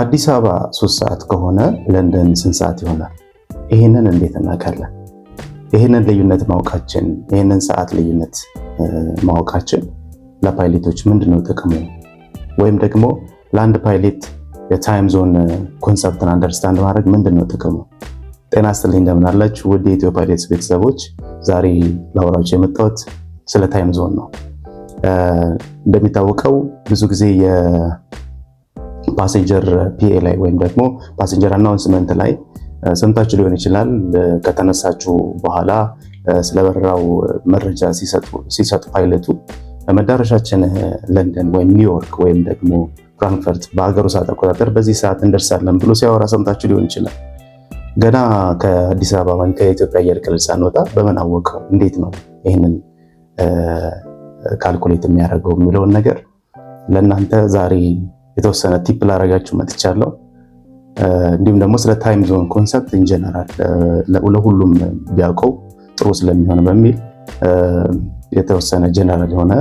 አዲስ አበባ ሶስት ሰዓት ከሆነ ለንደን ስንት ሰዓት ይሆናል? ይህንን እንዴት እናውቃለን? ይህንን ልዩነት ማወቃችን ይህንን ሰዓት ልዩነት ማወቃችን ለፓይሌቶች ምንድነው ጥቅሙ? ወይም ደግሞ ለአንድ ፓይሌት የታይም ዞን ኮንሰፕትን አንደርስታንድ ማድረግ ምንድነው ጥቅሙ? ጤና ስትልኝ እንደምን ውድ የኢትዮ ፓይሌትስ ቤተሰቦች፣ ዛሬ ላወራችሁ የመጣሁት ስለ ታይም ዞን ነው። እንደሚታወቀው ብዙ ጊዜ ፓሴንጀር ፒኤ ላይ ወይም ደግሞ ፓሴንጀር አናውንስመንት ላይ ሰምታችሁ ሊሆን ይችላል። ከተነሳችሁ በኋላ ስለበረራው መረጃ ሲሰጡ ፓይለቱ መዳረሻችን ለንደን ወይም ኒውዮርክ ወይም ደግሞ ፍራንክፈርት በሀገሩ ሰዓት አቆጣጠር በዚህ ሰዓት እንደርሳለን ብሎ ሲያወራ ሰምታችሁ ሊሆን ይችላል። ገና ከአዲስ አበባ ወይም ከኢትዮጵያ አየር ክልል ሳንወጣ በምን አወቀው፣ እንዴት ነው ይህንን ካልኩሌት የሚያደርገው የሚለውን ነገር ለእናንተ ዛሬ የተወሰነ ቲፕ ላረጋችሁ መጥቻለሁ። እንዲሁም ደግሞ ስለ ታይም ዞን ኮንሰፕት ኢንጀነራል ለሁሉም ቢያውቀው ጥሩ ስለሚሆን በሚል የተወሰነ ጀነራል የሆነ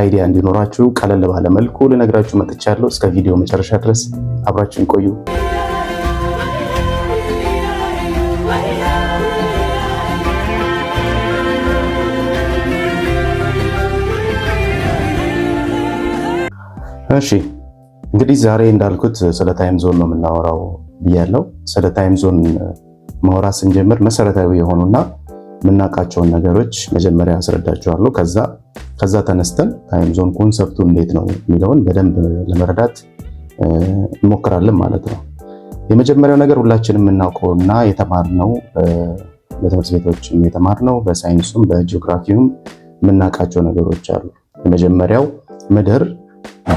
አይዲያ እንዲኖራችሁ ቀለል ባለ መልኩ ልነግራችሁ መጥቻለሁ። እስከ ቪዲዮ መጨረሻ ድረስ አብራችሁን ቆዩ። እሺ እንግዲህ ዛሬ እንዳልኩት ስለ ታይም ዞን ነው የምናወራው ብያለው። ስለ ታይም ዞን ማውራት ስንጀምር መሰረታዊ የሆኑና የምናውቃቸውን ነገሮች መጀመሪያ አስረዳችኋለሁ። ከዛ ከዛ ተነስተን ታይም ዞን ኮንሰፕቱ እንዴት ነው የሚለውን በደንብ ለመረዳት እንሞክራለን ማለት ነው። የመጀመሪያው ነገር ሁላችንም የምናውቀው እና የተማርነው በትምህርት ቤቶችም የተማርነው በሳይንሱም በጂኦግራፊውም የምናውቃቸው ነገሮች አሉ። የመጀመሪያው ምድር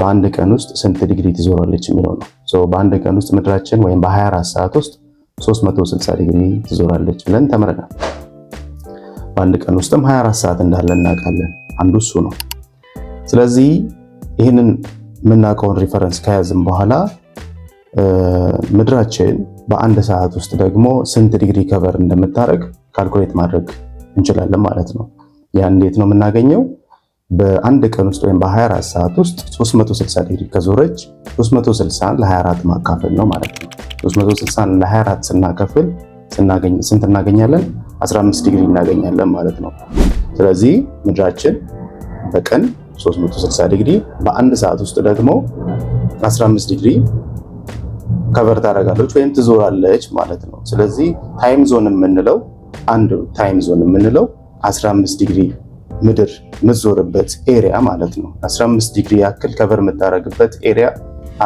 በአንድ ቀን ውስጥ ስንት ዲግሪ ትዞራለች የሚለው ነው። በአንድ ቀን ውስጥ ምድራችን ወይም በ24 ሰዓት ውስጥ 360 ዲግሪ ትዞራለች ብለን ተምረናል። በአንድ ቀን ውስጥም 24 ሰዓት እንዳለ እናውቃለን። አንዱ እሱ ነው። ስለዚህ ይህንን የምናውቀውን ሪፈረንስ ከያዝም በኋላ ምድራችን በአንድ ሰዓት ውስጥ ደግሞ ስንት ዲግሪ ከቨር እንደምታደርግ ካልኩሌት ማድረግ እንችላለን ማለት ነው። ያ እንዴት ነው የምናገኘው? በአንድ ቀን ውስጥ ወይም በ24 ሰዓት ውስጥ 360 ዲግሪ ከዞረች 360 ለ24 ማካፈል ነው ማለት ነው። 360 ለ24 ስናከፍል ስንት እናገኛለን? 15 ዲግሪ እናገኛለን ማለት ነው። ስለዚህ ምድራችን በቀን 360 ዲግሪ በአንድ ሰዓት ውስጥ ደግሞ 15 ዲግሪ ከቨር ታደርጋለች ወይም ትዞራለች ማለት ነው። ስለዚህ ታይም ዞን የምንለው አንዱ ታይም ዞን የምንለው 15 ዲግሪ ምድር የምትዞርበት ኤሪያ ማለት ነው። 15 ዲግሪ ያክል ከቨር የምታደርግበት ኤሪያ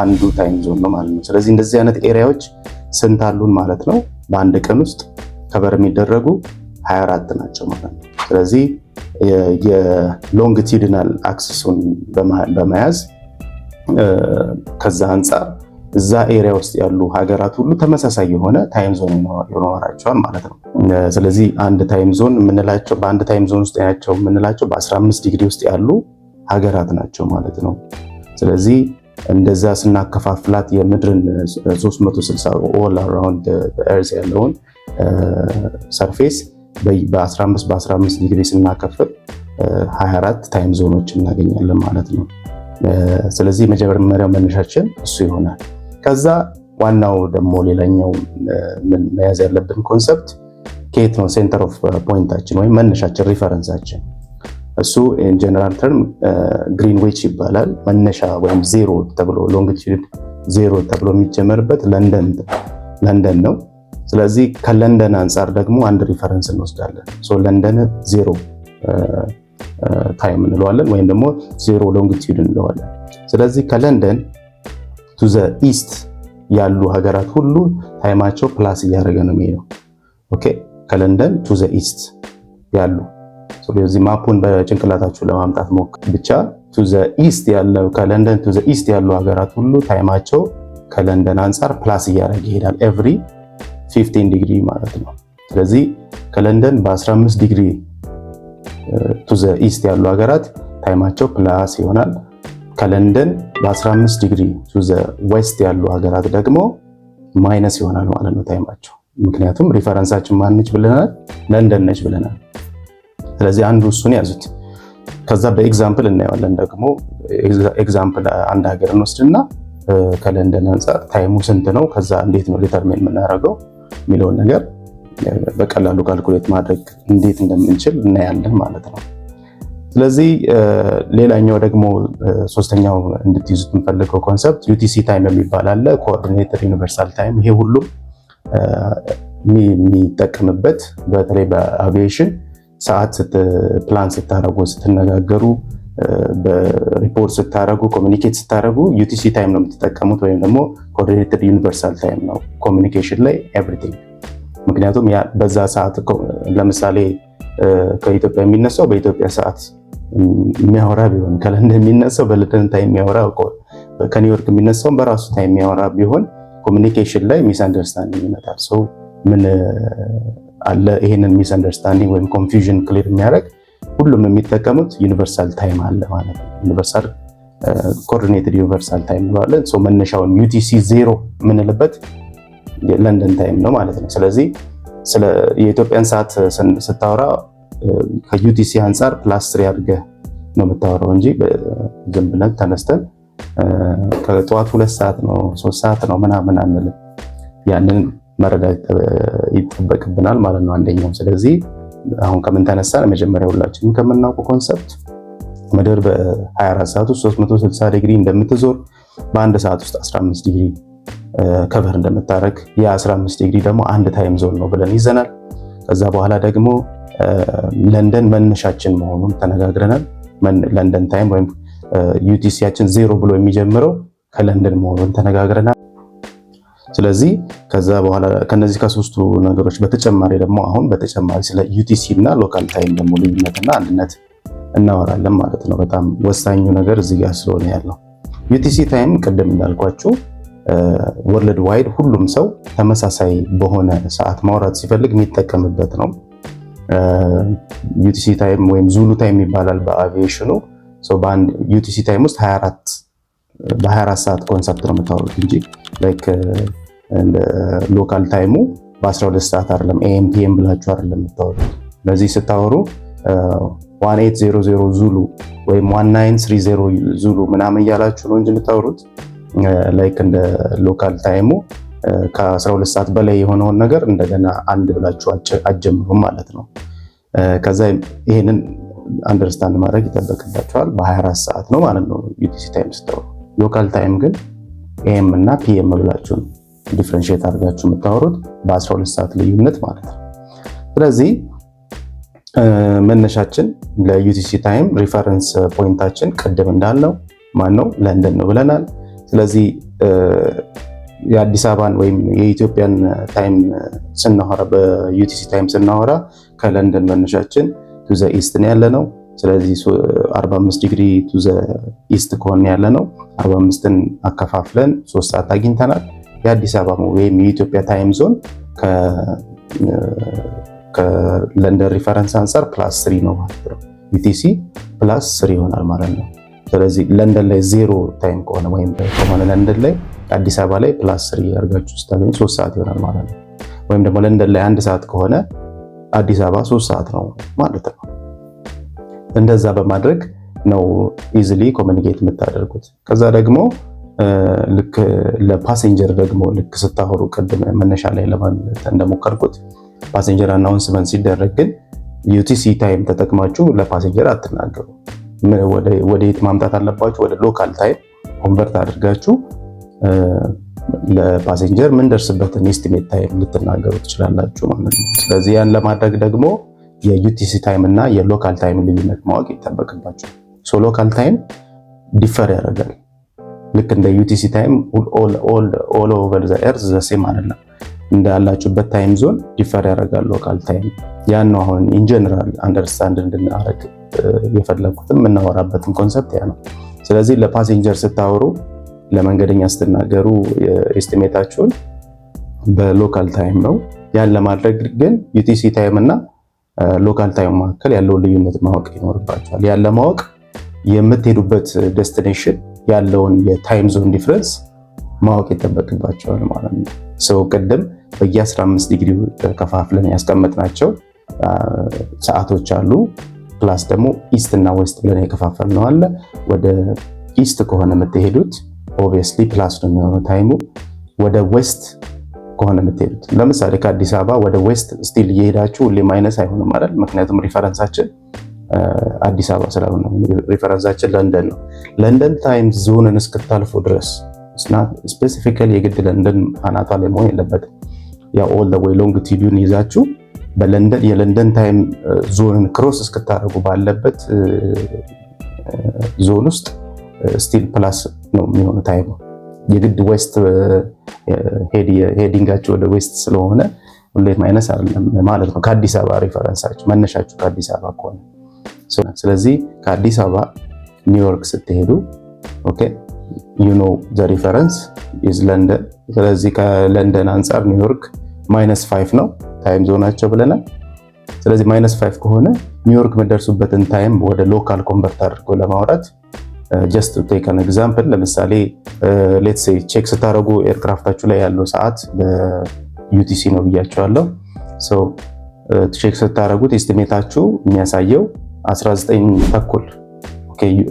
አንዱ ታይም ዞን ነው ማለት ነው። ስለዚህ እንደዚህ አይነት ኤሪያዎች ስንት አሉን ማለት ነው? በአንድ ቀን ውስጥ ከቨር የሚደረጉ 24 ናቸው ማለት ነው። ስለዚህ የሎንግቲድናል አክሲሱን በመያዝ ከዛ አንጻር እዛ ኤሪያ ውስጥ ያሉ ሀገራት ሁሉ ተመሳሳይ የሆነ ታይም ዞን ይኖራቸዋል ማለት ነው። ስለዚህ አንድ ታይም ዞን የምንላቸው በአንድ ታይም ዞን ውስጥ ያቸው የምንላቸው በ15 ዲግሪ ውስጥ ያሉ ሀገራት ናቸው ማለት ነው። ስለዚህ እንደዛ ስናከፋፍላት የምድርን 360 ኦል አራውንድ ኤርዝ ያለውን ሰርፌስ በ15 በ15 ዲግሪ ስናከፍል 24 ታይም ዞኖች እናገኛለን ማለት ነው። ስለዚህ መጀመሪያው መነሻችን እሱ ይሆናል። ከዛ ዋናው ደግሞ ሌላኛው መያዝ ያለብን ኮንሰፕት ከየት ነው ሴንተር ኦፍ ፖይንታችን ወይም መነሻችን ሪፈረንሳችን። እሱ ኢንጀነራል ተርም ግሪንዊች ይባላል። መነሻ ወይም ዜሮ ተብሎ ሎንግቲዩድ ዜሮ ተብሎ የሚጀመርበት ለንደን ነው። ስለዚህ ከለንደን አንጻር ደግሞ አንድ ሪፈረንስ እንወስዳለን። ለንደን ዜሮ ታይም እንለዋለን ወይም ደግሞ ዜሮ ሎንግቲዩድ እንለዋለን። ስለዚህ ከለንደን ቱ ዘ ኢስት ያሉ ሀገራት ሁሉ ታይማቸው ፕላስ እያደረገ ነው የሚሄደው። ኦኬ ከለንደን ቱ ዘ ኢስት ያሉ ስለዚህ ማፑን በጭንቅላታችሁ ለማምጣት ሞክር ብቻ። ቱ ዘ ኢስት ያለው ከለንደን ቱ ዘ ኢስት ያሉ ሀገራት ሁሉ ታይማቸው ከለንደን አንጻር ፕላስ እያደረገ ይሄዳል ኤቭሪ 15 ዲግሪ ማለት ነው። ስለዚህ ከለንደን በ15 ዲግሪ ቱ ዘ ኢስት ያሉ ሀገራት ታይማቸው ፕላስ ይሆናል። ከለንደን በ15 ዲግሪ ቱ ዘ ዌስት ያሉ ሀገራት ደግሞ ማይነስ ይሆናል ማለት ነው ታይማቸው። ምክንያቱም ሪፈረንሳችን ማንች ብለናል፣ ለንደን ነች ብለናል። ስለዚህ አንዱ እሱን ያዙት። ከዛ በኤግዛምፕል እናየዋለን ደግሞ ኤግዛምፕል አንድ ሀገር እንወስድና ከለንደን አንጻር ታይሙ ስንት ነው፣ ከዛ እንዴት ነው ዲተርሚን የምናደርገው የሚለውን ነገር በቀላሉ ካልኩሌት ማድረግ እንዴት እንደምንችል እናያለን ማለት ነው። ስለዚህ ሌላኛው ደግሞ ሶስተኛው እንድትይዙት የምፈልገው ኮንሰፕት ዩቲሲ ታይም የሚባል አለ። ኮኦርዲኔትድ ዩኒቨርሳል ታይም። ይሄ ሁሉም የሚጠቀምበት በተለይ በአቪዬሽን ሰዓት ፕላን ስታደረጉ፣ ስትነጋገሩ፣ በሪፖርት ስታደረጉ፣ ኮሚኒኬት ስታደረጉ ዩቲሲ ታይም ነው የምትጠቀሙት ወይም ደግሞ ኮኦርዲኔትድ ዩኒቨርሳል ታይም ነው ኮሚኒኬሽን ላይ ኤቭሪቲንግ። ምክንያቱም በዛ ሰዓት ለምሳሌ ከኢትዮጵያ የሚነሳው በኢትዮጵያ ሰዓት የሚያወራ ቢሆን ከለንደን የሚነሳው በለንደን ታይም የሚያወራ ከኒውዮርክ የሚነሳውን በራሱ ታይም የሚያወራ ቢሆን ኮሚኒኬሽን ላይ ሚስ አንደርስታንዲንግ ይመጣል። ሰው ምን አለ ይሄንን ሚስ አንደርስታንዲንግ ወይም ኮንፊውዥን ክሊር የሚያደርግ ሁሉም የሚጠቀሙት ዩኒቨርሳል ታይም አለ ማለት ነው። ዩኒቨርሳል ኮኦርዲኔትድ ዩኒቨርሳል ታይም እንለዋለን። ሰው መነሻውን ዩቲሲ ዜሮ የምንልበት ለንደን ታይም ነው ማለት ነው። ስለዚህ የኢትዮጵያን ሰዓት ስታወራ ከዩቲሲ አንጻር ፕላስ ትሪ አድርገህ ነው የምታወራው እንጂ ዝም ብለን ተነስተን ከጠዋት ሁለት ሰዓት ነው ሶስት ሰዓት ነው ምናምን አንልም። ያንን መረዳት ይጠበቅብናል ማለት ነው አንደኛው። ስለዚህ አሁን ከምን ተነሳ መጀመሪያ ሁላችንም ከምናውቁ ኮንሰፕት ምድር በ24 ሰዓት ውስጥ 360 ዲግሪ እንደምትዞር በአንድ ሰዓት ውስጥ 15 ዲግሪ ከቨር እንደምታደረግ የ 15 ዲግሪ ደግሞ አንድ ታይም ዞን ነው ብለን ይዘናል። ከዛ በኋላ ደግሞ ለንደን መነሻችን መሆኑን ተነጋግረናል። ለንደን ታይም ወይም ዩቲሲያችን ዜሮ ብሎ የሚጀምረው ከለንደን መሆኑን ተነጋግረናል። ስለዚህ ከዛ በኋላ ከነዚህ ከሶስቱ ነገሮች በተጨማሪ ደግሞ አሁን በተጨማሪ ስለ ዩቲሲ እና ሎካል ታይም ደግሞ ልዩነትና አንድነት እናወራለን ማለት ነው። በጣም ወሳኙ ነገር እዚህ ጋር ስለሆነ ያለው ዩቲሲ ታይም ቅድም እንዳልኳችሁ ወርልድ ዋይድ ሁሉም ሰው ተመሳሳይ በሆነ ሰዓት ማውራት ሲፈልግ የሚጠቀምበት ነው። ዩቲሲ ታይም ወይም ዙሉ ታይም ይባላል በአቪዬሽኑ። በአንድ ዩቲሲ ታይም ውስጥ በ24 ሰዓት ኮንሰፕት ነው የምታወሩት እንጂ ላይክ ሎካል ታይሙ በ12 ሰዓት አይደለም፣ ኤኤምፒኤም ፒኤም ብላችሁ አይደለም የምታወሩት። ስለዚህ ስታወሩ 1800 ዙሉ ወይም 1930 ዙሉ ምናምን እያላችሁ ነው እንጂ የምታወሩት ላይክ እንደ ሎካል ታይሙ ከ12 ሰዓት በላይ የሆነውን ነገር እንደገና አንድ ብላችሁ አጀምሩም ማለት ነው። ከዛ ይህንን አንደርስታንድ ማድረግ ይጠበቅባቸዋል። በ24 ሰዓት ነው ማለት ነው ዩቲሲ ታይም ስታወሩ። ሎካል ታይም ግን ኤም እና ፒኤም ብላችሁን ዲፍረንሽት አድርጋችሁ የምታወሩት በ12 ሰዓት ልዩነት ማለት ነው። ስለዚህ መነሻችን ለዩቲሲ ታይም ሪፈረንስ ፖይንታችን ቅድም እንዳልነው ማን ነው ለንደን ነው ብለናል። ስለዚህ የአዲስ አበባን ወይም የኢትዮጵያን ታይም ስናወራ በዩቲሲ ታይም ስናወራ ከለንደን መነሻችን ቱ ኢስት ነው ያለ ነው። ስለዚህ 45 ዲግሪ ቱ ኢስት ከሆነ ያለ ነው 45ን አከፋፍለን ሶስት ሰዓት አግኝተናል። የአዲስ አበባ ወይም የኢትዮጵያ ታይም ዞን ከለንደን ሪፈረንስ አንጻር ፕላስ ስሪ ነው ማለት ነው። ዩቲሲ ፕላስ ስሪ ይሆናል ማለት ነው። ስለዚህ ለንደን ላይ ዜሮ ታይም ከሆነ ወይም ከሆነ ለንደን ላይ አዲስ አበባ ላይ ፕላስ ስሪ አድርጋችሁ ስታገኙ ሶስት ሰዓት ይሆናል ማለት ነው። ወይም ደግሞ ለንደን ላይ አንድ ሰዓት ከሆነ አዲስ አበባ ሶስት ሰዓት ነው ማለት ነው። እንደዛ በማድረግ ነው ኢዝሊ ኮሚኒኬት የምታደርጉት። ከዛ ደግሞ ልክ ለፓሴንጀር ደግሞ ልክ ስታወሩ ቅድም መነሻ ላይ ለማለት እንደሞከርኩት ፓሴንጀር አናውንስመንት ሲደረግ ግን ዩቲሲ ታይም ተጠቅማችሁ ለፓሴንጀር አትናገሩ። ወደ የት ማምጣት አለባችሁ? ወደ ሎካል ታይም ኮንቨርት አድርጋችሁ ለፓሴንጀር ደርስበትን ኤስቲሜት ታይም ልትናገሩ ትችላላችሁ ማለት ነው። ስለዚህ ያን ለማድረግ ደግሞ የዩቲሲ ታይም እና የሎካል ታይም ልዩነት ማወቅ ይጠበቅባቸው። ሶ ሎካል ታይም ዲፈር ያደርጋል። ልክ እንደ ዩቲሲ ታይም ኦል ኦቨር ዘ ኤርዝ ዘሴም አይደለም። እንዳላችሁበት ታይም ዞን ዲፈር ያደርጋል ሎካል ታይም። ያን ነው አሁን ኢንጀነራል አንደርስታንድ እንድናረግ የፈለጉትም የምናወራበትም ኮንሰፕት ያ ነው። ስለዚህ ለፓሴንጀር ስታወሩ ለመንገደኛ ስትናገሩ ኤስቲሜታችሁን በሎካል ታይም ነው። ያን ለማድረግ ግን ዩቲሲ ታይም እና ሎካል ታይም መካከል ያለውን ልዩነት ማወቅ ይኖርባቸዋል። ያን ለማወቅ የምትሄዱበት ደስቲኔሽን ያለውን የታይም ዞን ዲፍረንስ ማወቅ ይጠበቅባቸዋል ማለት ነው። ሰው ቅድም በየ15 ዲግሪ ከፋፍለን ያስቀመጥናቸው ሰዓቶች አሉ። ፕላስ ደግሞ ኢስት እና ዌስት ብለን የከፋፈልነው አለ። ወደ ኢስት ከሆነ የምትሄዱት ኦብቪየስሊ ፕላስ ነው የሚሆነው ታይሙ ወደ ዌስት ከሆነ የምትሄዱት ለምሳሌ ከአዲስ አበባ ወደ ዌስት ስቲል እየሄዳችሁ ሁሌ ማይነስ አይሆንም አይደል? ምክንያቱም ሪፈረንሳችን አዲስ አበባ ስለሆነ ሪፈረንሳችን ለንደን ነው። ለንደን ታይም ዞንን እስክታልፉ ድረስ ስፔሲፊካሊ የግድ ለንደን አናቷ ላይ መሆን የለበትም። ያ ኦል ወይ ሎንግቲዱን ይዛችሁ በለንደን የለንደን ታይም ዞንን ክሮስ እስክታደርጉ ባለበት ዞን ውስጥ ስቲል ፕላስ ነው የሚሆኑ ታይሙ የግድ ዌስት ሄዲንጋቸው ወደ ዌስት ስለሆነ ሁሌት ማይነስ ማለት ነው። ከአዲስ አበባ ሪፈረንሳችሁ መነሻችሁ ከአዲስ አበባ ከሆነ ስለዚህ ከአዲስ አበባ ኒውዮርክ ስትሄዱ ዩ ኖ ዘ ሪፈረንስ ኢዝ ለንደን። ስለዚህ ከለንደን አንጻር ኒውዮርክ ማይነስ ፋይፍ ነው ታይም ዞናቸው ብለናል። ስለዚህ ማይነስ ፋይፍ ከሆነ ኒውዮርክ የምደርሱበትን ታይም ወደ ሎካል ኮንቨርት አድርጎ ለማውራት ጀስት ቴከን ኤግዛምፕል ለምሳሌ ሌትስ ሴይ ቼክ ስታደረጉ ኤርክራፍታችሁ ላይ ያለው ሰዓት በዩቲሲ ነው ብያቸዋለሁ። ቼክ uh, ስታደረጉት ኤስቲሜታችሁ የሚያሳየው 19 ተኩል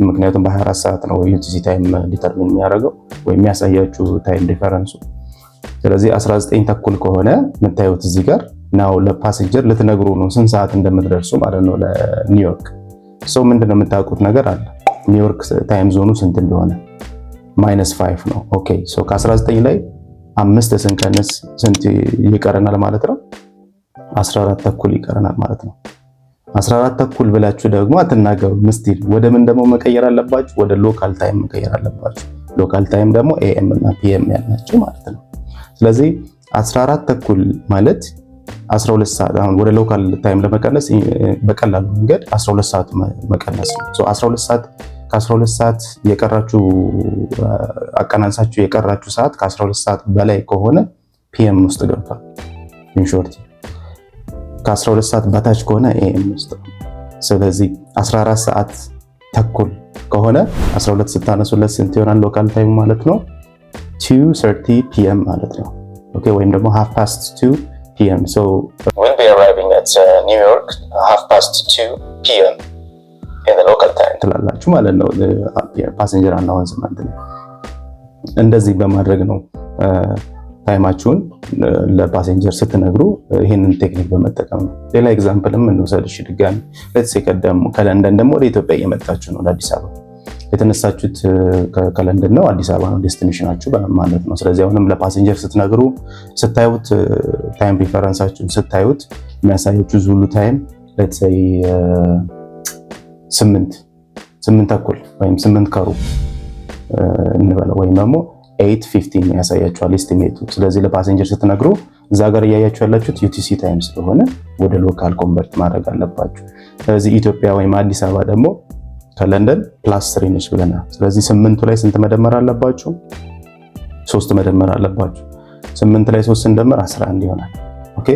ምክንያቱም በ24 ሰዓት ነው ዩቲሲ ታይም ዲተርሚን የሚያደርገው ወይም የሚያሳያችሁ ታይም ዲፈረንሱ። ስለዚህ 19 ተኩል ከሆነ የምታዩት እዚህ ጋር ናው ለፓሴንጀር ልትነግሩ ነው ስንት ሰዓት እንደምትደርሱ ማለት ነው ለኒውዮርክ። ሰው ምንድነው የምታውቁት ነገር አለ ኒውዮርክ ታይም ዞኑ ስንት እንደሆነ ማይነስ ፋይቭ ነው። ኦኬ ሶ ከ19 ላይ አምስት ስንቀንስ ስንት ይቀረናል ማለት ነው? 14 ተኩል ይቀረናል ማለት ነው። 14 ተኩል ብላችሁ ደግሞ አትናገሩ። ምስቲል ወደ ምን ደግሞ መቀየር አለባችሁ? ወደ ሎካል ታይም መቀየር አለባችሁ። ሎካል ታይም ደግሞ ኤኤም እና ፒኤም ያላቸው ማለት ነው። ስለዚህ 14 ተኩል ማለት 12 ሰዓት አሁን ወደ ሎካል ታይም ለመቀነስ በቀላሉ መንገድ 12 ሰዓት መቀነስ ነው። 12 ሰዓት ከ12 ሰዓት የቀራችሁ አቀናንሳችሁ የቀራችሁ ሰዓት ከ12 ሰዓት በላይ ከሆነ ፒኤም ውስጥ ገብቷል። ኢንሾርት ከ12 ሰዓት በታች ከሆነ ኤኤም ውስጥ ስለዚህ 14 ሰዓት ተኩል ከሆነ 12 ስታነሱለት ስንት ይሆናል? ሎካል ታይም ማለት ነው 2:30 ፒኤም ማለት ነው። ኦኬ ወይም ደግሞ ሃፍ ፓስት 2 ፒኤም ሶ ዊል ቢ አራይቪንግ አት ኒውዮርክ ሃፍ ፓስት 2 ፒኤም ትላላችሁ ማለት ነው። ፓሰንጀር ማለት ነው። እንደዚህ በማድረግ ነው ታይማችሁን ለፓሴንጀር ስትነግሩ ይህንን ቴክኒክ በመጠቀም ነው። ሌላ ኤግዛምፕልም እንውሰድ እሺ። ድጋሚ ለትሴ ከለንደን ደግሞ ወደ ኢትዮጵያ እየመጣችሁ ነው። ለአዲስ አበባ የተነሳችሁት ከለንደን ነው፣ አዲስ አበባ ነው ዴስቲኔሽናችሁ ማለት ነው። ስለዚህ አሁንም ለፓሴንጀር ስትነግሩ ስታዩት፣ ታይም ሪፈረንሳችሁን ስታዩት የሚያሳያችሁ ዙሉ ታይም ለትሴይ ስምንት ስምንት ተኩል ወይም ስምንት ከሩ እንበለው ወይም ደግሞ ኤይት ፊፍቲን ያሳያቸዋል ኤስቲሜቱ። ስለዚህ ለፓሴንጀር ስትነግሩ እዛ ጋር እያያችሁ ያላችሁት ዩቲሲ ታይም ስለሆነ ወደ ሎካል ኮንቨርት ማድረግ አለባችሁ። ስለዚህ ኢትዮጵያ ወይም አዲስ አበባ ደግሞ ከለንደን ፕላስ ስሪ ነች ብለናል። ስለዚህ ስምንቱ ላይ ስንት መደመር አለባችሁ? ሶስት መደመር አለባችሁ። ስምንት ላይ ሶስት ስንደመር 11 ይሆናል። ኦኬ።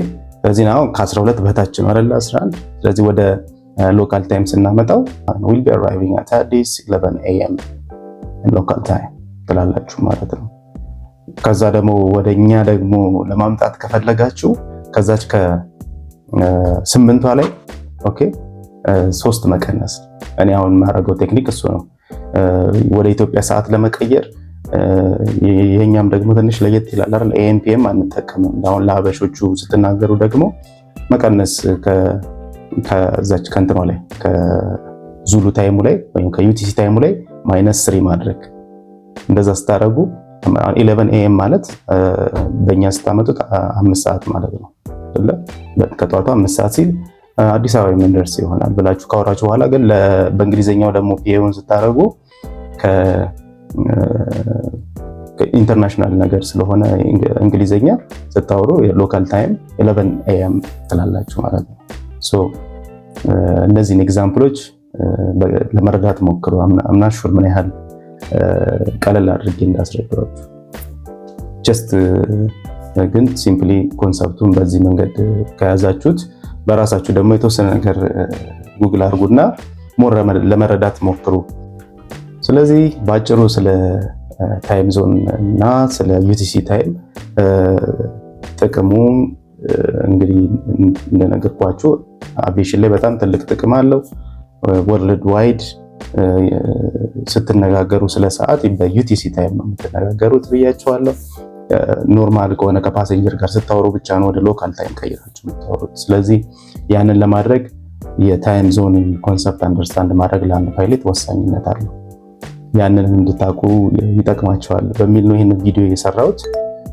ስለዚህ አሁን ከ12 በታች ነው አይደል? 11 ስለዚህ ወደ ሎካል uh, ታይም ስናመጣው ዊል ቢ አራይቪንግ አት አዲስ 11 ኤኤም ሎካል ታይም ትላላችሁ ማለት ነው። ከዛ ደግሞ ወደኛ ደግሞ ለማምጣት ከፈለጋችሁ ከዛች ከስምንቷ uh, ላይ ኦኬ uh, ሶስት መቀነስ። እኔ አሁን የማደርገው ቴክኒክ እሱ ነው። ወደ ኢትዮጵያ ሰዓት ለመቀየር የኛም ደግሞ ትንሽ ለየት ይላል አይደል? ኤኤም አንጠቀምም። አሁን ለሀበሾቹ ስትናገሩ ደግሞ መቀነስ ከዛች ከንትኗ ላይ ከዙሉ ታይሙ ላይ ወይም ከዩቲሲ ታይሙ ላይ ማይነስ ስሪ ማድረግ እንደዛ ስታደረጉ ኢሌቨን ኤኤም ማለት በእኛ ስታመጡት አምስት ሰዓት ማለት ነው። ከጠዋቱ አምስት ሰዓት ሲል አዲስ አበባ የምንደርስ ይሆናል ብላችሁ ካወራችሁ በኋላ ግን በእንግሊዝኛው ደግሞ ፒኤውን ስታደረጉ ኢንተርናሽናል ነገር ስለሆነ እንግሊዝኛ ስታወሩ ሎካል ታይም ኢሌቨን ኤኤም ትላላችሁ ማለት ነው። እነዚህን ኤግዛምፕሎች ለመረዳት ሞክሩ። አምናሹር ምን ያህል ቀለል አድርጌ እንዳስረዳችሁ ጀስት ግን ሲምፕሊ ኮንሰፕቱን በዚህ መንገድ ከያዛችሁት በራሳችሁ ደግሞ የተወሰነ ነገር ጉግል አድርጉና ሞር ለመረዳት ሞክሩ። ስለዚህ በአጭሩ ስለ ታይም ዞን እና ስለ ዩቲሲ ታይም ጥቅሙ እንግዲህ እንደነገርኳችሁ አቪዬሽን ላይ በጣም ትልቅ ጥቅም አለው። ወርልድ ዋይድ ስትነጋገሩ ስለ ሰዓት በዩቲሲ ታይም ነው የምትነጋገሩት ብያቸዋለሁ። ኖርማል ከሆነ ከፓሴንጀር ጋር ስታወሩ ብቻ ነው ወደ ሎካል ታይም ቀይራችሁ የምታወሩት። ስለዚህ ያንን ለማድረግ የታይም ዞን ኮንሰፕት አንደርስታንድ ማድረግ ለአንድ ፓይለት ወሳኝነት አለው። ያንን እንድታቁ ይጠቅማቸዋል በሚል ነው ይህን ቪዲዮ የሰራሁት።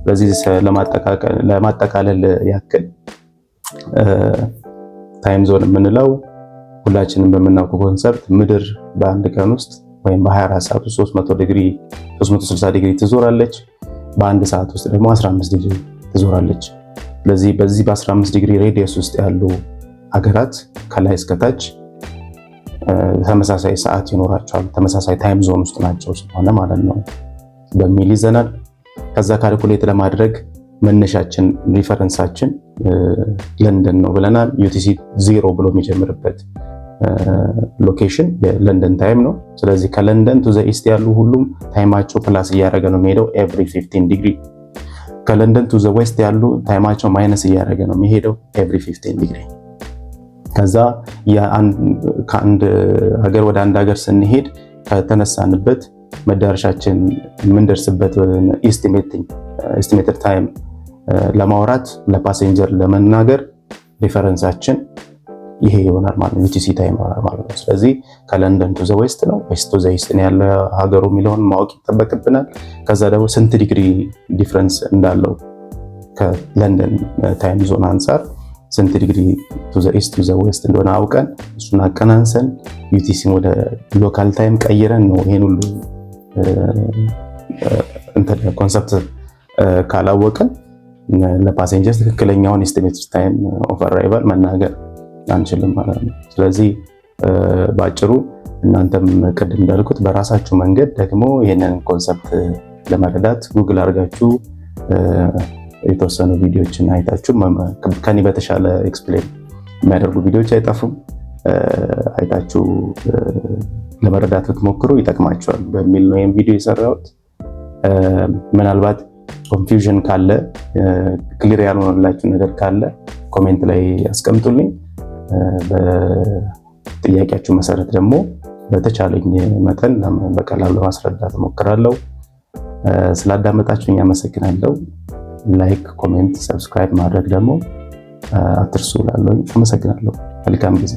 በዚህ ለማጠቃለል ያክል ታይም ዞን የምንለው ሁላችንም በምናውቀው ኮንሰፕት ምድር በአንድ ቀን ውስጥ ወይም በ24 ሰዓት ውስጥ 300 ዲግሪ 360 ዲግሪ ትዞራለች። በአንድ ሰዓት ውስጥ ደግሞ 15 ዲግሪ ትዞራለች። ስለዚህ በዚህ በ15 ዲግሪ ሬዲየስ ውስጥ ያሉ ሀገራት ከላይ እስከታች ተመሳሳይ ሰዓት ይኖራቸዋል። ተመሳሳይ ታይም ዞን ውስጥ ናቸው ስለሆነ ማለት ነው በሚል ይዘናል። ከዛ ካልኩሌት ለማድረግ መነሻችን ሪፈረንሳችን ለንደን ነው ብለናል። ዩቲሲ ዜሮ ብሎ የሚጀምርበት ሎኬሽን የለንደን ታይም ነው። ስለዚህ ከለንደን ቱ ዘ ኢስት ያሉ ሁሉም ታይማቸው ፕላስ እያደረገ ነው የሚሄደው ኤቭሪ 15 ዲግሪ። ከለንደን ቱ ዘ ዌስት ያሉ ታይማቸው ማይነስ እያደረገ ነው የሚሄደው ኤቭሪ 15 ዲግሪ። ከዛ ከአንድ ሀገር ወደ አንድ ሀገር ስንሄድ ከተነሳንበት መዳረሻችን የምንደርስበት ኢስቲሜትድ ታይም ለማውራት ለፓሴንጀር ለመናገር ሪፈረንሳችን ይሄ ይሆናል ማለት ነው። ዩቲሲ ታይም ይሆናል ማለት ነው። ስለዚህ ከለንደን ቱ ዘ ዌስት ነው ዌስት ቱ ዘ ኢስት ነው ያለ ሀገሩ የሚለውን ማወቅ ይጠበቅብናል። ከዛ ደግሞ ስንት ዲግሪ ዲፍረንስ እንዳለው ከለንደን ታይም ዞን አንጻር ስንት ዲግሪ ቱ ዘ ኢስት ቱ ዘ ዌስት እንደሆነ አውቀን እሱን አቀናንሰን ዩቲሲ ወደ ሎካል ታይም ቀይረን ነው ይሄን ሁሉ ኮንሰፕት ካላወቅን ለፓሴንጀርስ ትክክለኛውን ኤስቲሜት ታይም ኦፍ አራይቫል መናገር አንችልም ማለት ነው። ስለዚህ በአጭሩ እናንተም ቅድም እንዳልኩት በራሳችሁ መንገድ ደግሞ ይህንን ኮንሰፕት ለመረዳት ጉግል አድርጋችሁ የተወሰኑ ቪዲዮዎችን አይታችሁ ከኔ በተሻለ ኤክስፕሌን የሚያደርጉ ቪዲዮዎች አይጠፉም አይታችሁ ለመረዳት ብትሞክሩ ይጠቅማቸዋል በሚል ነው ይህም ቪዲዮ የሰራሁት። ምናልባት ኮንፊውዥን ካለ ክሊር ያልሆነላችሁ ነገር ካለ ኮሜንት ላይ ያስቀምጡልኝ። በጥያቄያችሁ መሰረት ደግሞ በተቻለኝ መጠን በቀላሉ ለማስረዳት እሞክራለሁ። ስላዳመጣችሁኝ አመሰግናለሁ። ላይክ፣ ኮሜንት፣ ሰብስክራይብ ማድረግ ደግሞ አትርሱ። ላለኝ አመሰግናለሁ። መልካም ጊዜ